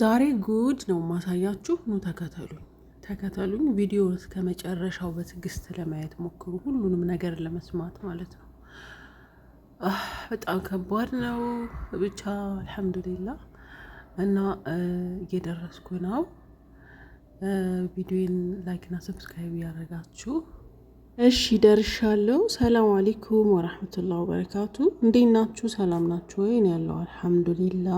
ዛሬ ጉድ ነው ማሳያችሁ። ኑ ተከተሉኝ፣ ተከተሉኝ። ቪዲዮ እስከ መጨረሻው በትዕግስት ለማየት ሞክሩ፣ ሁሉንም ነገር ለመስማት ማለት ነው። በጣም ከባድ ነው ብቻ አልሐምዱሊላ። እና እየደረስኩ ነው። ቪዲዮን ላይክና ሰብስክራይብ እያደረጋችሁ! እሺ ደርሻለሁ። ሰላም አሌይኩም ወራህመቱላሂ ወበረካቱ። እንዴት ናችሁ? ሰላም ናችሁ ወይ? ያለው አልሐምዱሊላ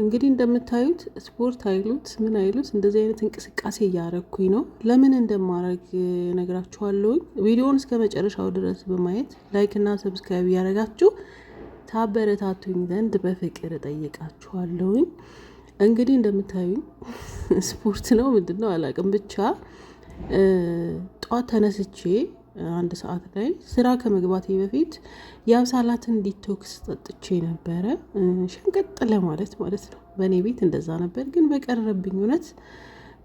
እንግዲህ እንደምታዩት ስፖርት አይሉት ምን አይሉት እንደዚህ አይነት እንቅስቃሴ እያረግኩኝ ነው። ለምን እንደማረግ ነግራችኋለሁኝ። ቪዲዮውን እስከ መጨረሻው ድረስ በማየት ላይክ እና ሰብስክራይብ እያረጋችሁ ታበረታቱኝ ዘንድ በፍቅር እጠይቃችኋለሁኝ። እንግዲህ እንደምታዩኝ ስፖርት ነው ምንድን ነው አላቅም ብቻ ጠዋት ተነስቼ አንድ ሰዓት ላይ ስራ ከመግባቴ በፊት የአብሳላትን ዲቶክስ ጠጥቼ ነበረ። ሸንቀጥ ለማለት ማለት ነው። በእኔ ቤት እንደዛ ነበር፣ ግን በቀረብኝ እውነት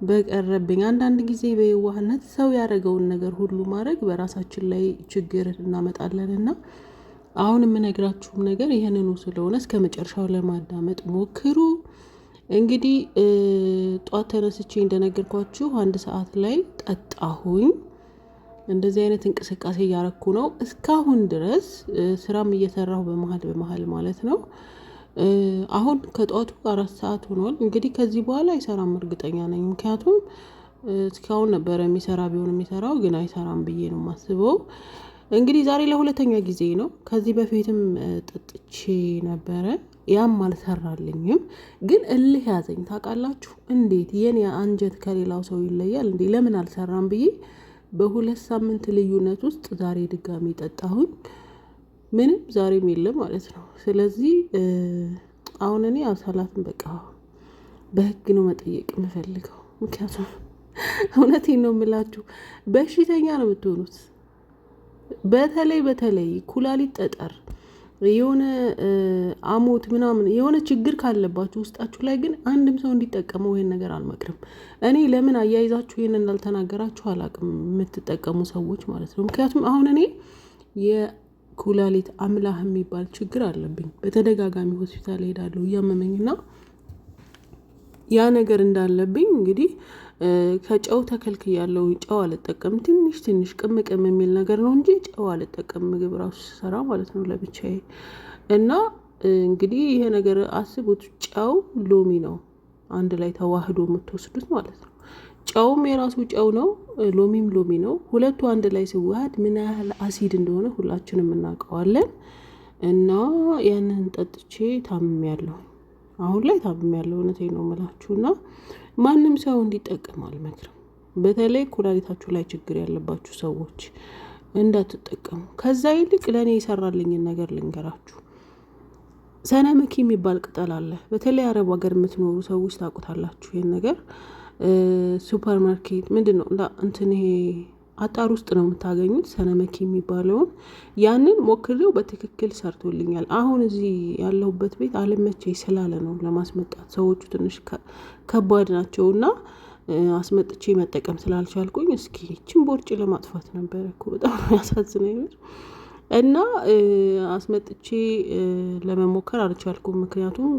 በቀረብኝ አንዳንድ ጊዜ በየዋህነት ሰው ያደረገውን ነገር ሁሉ ማድረግ በራሳችን ላይ ችግር እናመጣለን እና አሁን የምነግራችሁም ነገር ይህንኑ ስለሆነ እስከ መጨረሻው ለማዳመጥ ሞክሩ። እንግዲህ ጧት ተነስቼ እንደነገርኳችሁ አንድ ሰዓት ላይ ጠጣሁኝ። እንደዚህ አይነት እንቅስቃሴ እያረኩ ነው እስካሁን ድረስ ስራም እየሰራሁ በመሀል በመሀል ማለት ነው። አሁን ከጠዋቱ አራት ሰዓት ሆኗል። እንግዲህ ከዚህ በኋላ አይሰራም እርግጠኛ ነኝ። ምክንያቱም እስካሁን ነበረ የሚሰራ ቢሆን የሚሰራው ግን አይሰራም ብዬ ነው የማስበው። እንግዲህ ዛሬ ለሁለተኛ ጊዜ ነው። ከዚህ በፊትም ጠጥቼ ነበረ፣ ያም አልሰራልኝም። ግን እልህ ያዘኝ ታውቃላችሁ። እንዴት የኔ አንጀት ከሌላው ሰው ይለያል እንዴ? ለምን አልሰራም ብዬ በሁለት ሳምንት ልዩነት ውስጥ ዛሬ ድጋሚ ጠጣሁኝ። ምንም ዛሬም የለም ማለት ነው። ስለዚህ አሁን እኔ አብሳላትን በቃ በህግ ነው መጠየቅ የምፈልገው። ምክንያቱም እውነቴ ነው የምላችሁ በሽተኛ ነው የምትሆኑት። በተለይ በተለይ ኩላሊት ጠጠር የሆነ አሞት ምናምን የሆነ ችግር ካለባችሁ ውስጣችሁ ላይ ግን አንድም ሰው እንዲጠቀመው ይህን ነገር አልመክርም። እኔ ለምን አያይዛችሁ ይህን እንዳልተናገራችሁ አላቅም፣ የምትጠቀሙ ሰዎች ማለት ነው። ምክንያቱም አሁን እኔ የኩላሊት አምላህ የሚባል ችግር አለብኝ። በተደጋጋሚ ሆስፒታል እሄዳለሁ እያመመኝና ያ ነገር እንዳለብኝ እንግዲህ ከጨው ተከልክ ያለው ጨው አልጠቀም ትንሽ ትንሽ ቅምቅም የሚል ነገር ነው እንጂ ጨው አልጠቀም ምግብ ራሱ ስሰራ ማለት ነው ለብቻዬ። እና እንግዲህ ይሄ ነገር አስቡት፣ ጨው ሎሚ ነው አንድ ላይ ተዋህዶ የምትወስዱት ማለት ነው። ጨውም የራሱ ጨው ነው፣ ሎሚም ሎሚ ነው። ሁለቱ አንድ ላይ ሲዋሃድ ምን ያህል አሲድ እንደሆነ ሁላችንም እናውቀዋለን። እና ያንን ጠጥቼ ታምሜያለሁ። አሁን ላይ ታብም ያለው እውነቴ ነው የምላችሁና ማንም ሰው እንዲጠቀም አልመክርም። በተለይ ኩላሊታችሁ ላይ ችግር ያለባችሁ ሰዎች እንዳትጠቀሙ። ከዛ ይልቅ ለእኔ የሰራልኝን ነገር ልንገራችሁ። መኪ የሚባል ቅጠል አለ። በተለይ አረብ ሀገር የምትኖሩ ሰዎች ታውቁታላችሁ ይህን ነገር። ሱፐርማርኬት ምንድን ነው እንትን ይሄ አጣር ውስጥ ነው የምታገኙት ሰነመኪ የሚባለውን ያንን ሞክሬው በትክክል ሰርቶልኛል። አሁን እዚህ ያለሁበት ቤት አለመቼ ስላለ ነው ለማስመጣት ሰዎቹ ትንሽ ከባድ ናቸው እና አስመጥቼ መጠቀም ስላልቻልኩኝ እስኪ ችን ቦርጭ ለማጥፋት ነበረ እኮ በጣም ያሳዝነኝ እና አስመጥቼ ለመሞከር አልቻልኩም። ምክንያቱም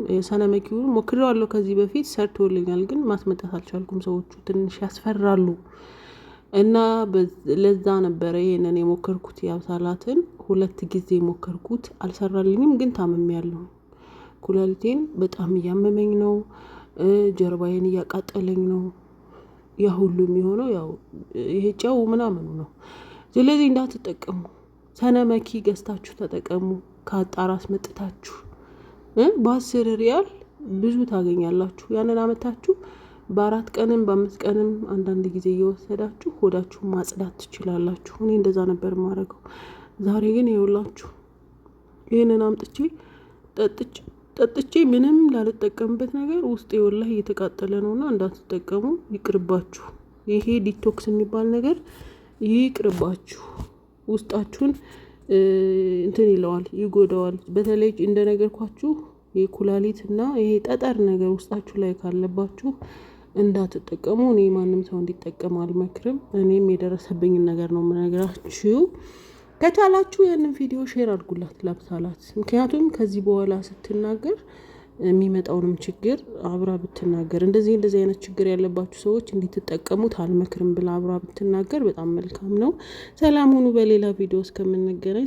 ሞክሬው ሞክሬዋለሁ ከዚህ በፊት ሰርቶልኛል፣ ግን ማስመጣት አልቻልኩም። ሰዎቹ ትንሽ ያስፈራሉ። እና ለዛ ነበረ ይሄንን የሞከርኩት የአብሳላትን ሁለት ጊዜ ሞከርኩት አልሰራልኝም። ግን ያለው ኩላሊቴን በጣም እያመመኝ ነው፣ ጀርባዬን እያቃጠለኝ ነው። ያ ሁሉ የሚሆነው ያው ይሄ ጨው ምናምኑ ነው። ስለዚህ እንዳትጠቀሙ፣ መኪ ገዝታችሁ ተጠቀሙ። ከአጣራ አስመጥታችሁ በአስር ሪያል ብዙ ታገኛላችሁ። ያንን አመታችሁ በአራት ቀንም በአምስት ቀንም አንዳንድ ጊዜ እየወሰዳችሁ ሆዳችሁን ማጽዳት ትችላላችሁ። እኔ እንደዛ ነበር ማድረገው። ዛሬ ግን ይኸውላችሁ ይህንን አምጥቼ ጠጥቼ ምንም ላልጠቀምበት ነገር ውስጥ ወላሂ እየተቃጠለ ነውና እንዳትጠቀሙ ይቅርባችሁ። ይሄ ዲቶክስ የሚባል ነገር ይቅርባችሁ። ውስጣችሁን እንትን ይለዋል፣ ይጎዳዋል። በተለይ እንደነገርኳችሁ የኩላሊት እና ይሄ ጠጠር ነገር ውስጣችሁ ላይ ካለባችሁ እንዳትጠቀሙ። እኔ ማንም ሰው እንዲጠቀም አልመክርም። እኔም የደረሰብኝን ነገር ነው የምነግራችሁ። ከቻላችሁ ያንን ቪዲዮ ሼር አድርጉላት ላብሳላት። ምክንያቱም ከዚህ በኋላ ስትናገር የሚመጣውንም ችግር አብራ ብትናገር እንደዚህ እንደዚህ አይነት ችግር ያለባችሁ ሰዎች እንዲትጠቀሙት አልመክርም ብላ አብራ ብትናገር በጣም መልካም ነው። ሰላም ሁኑ። በሌላ ቪዲዮ እስከምንገናኝ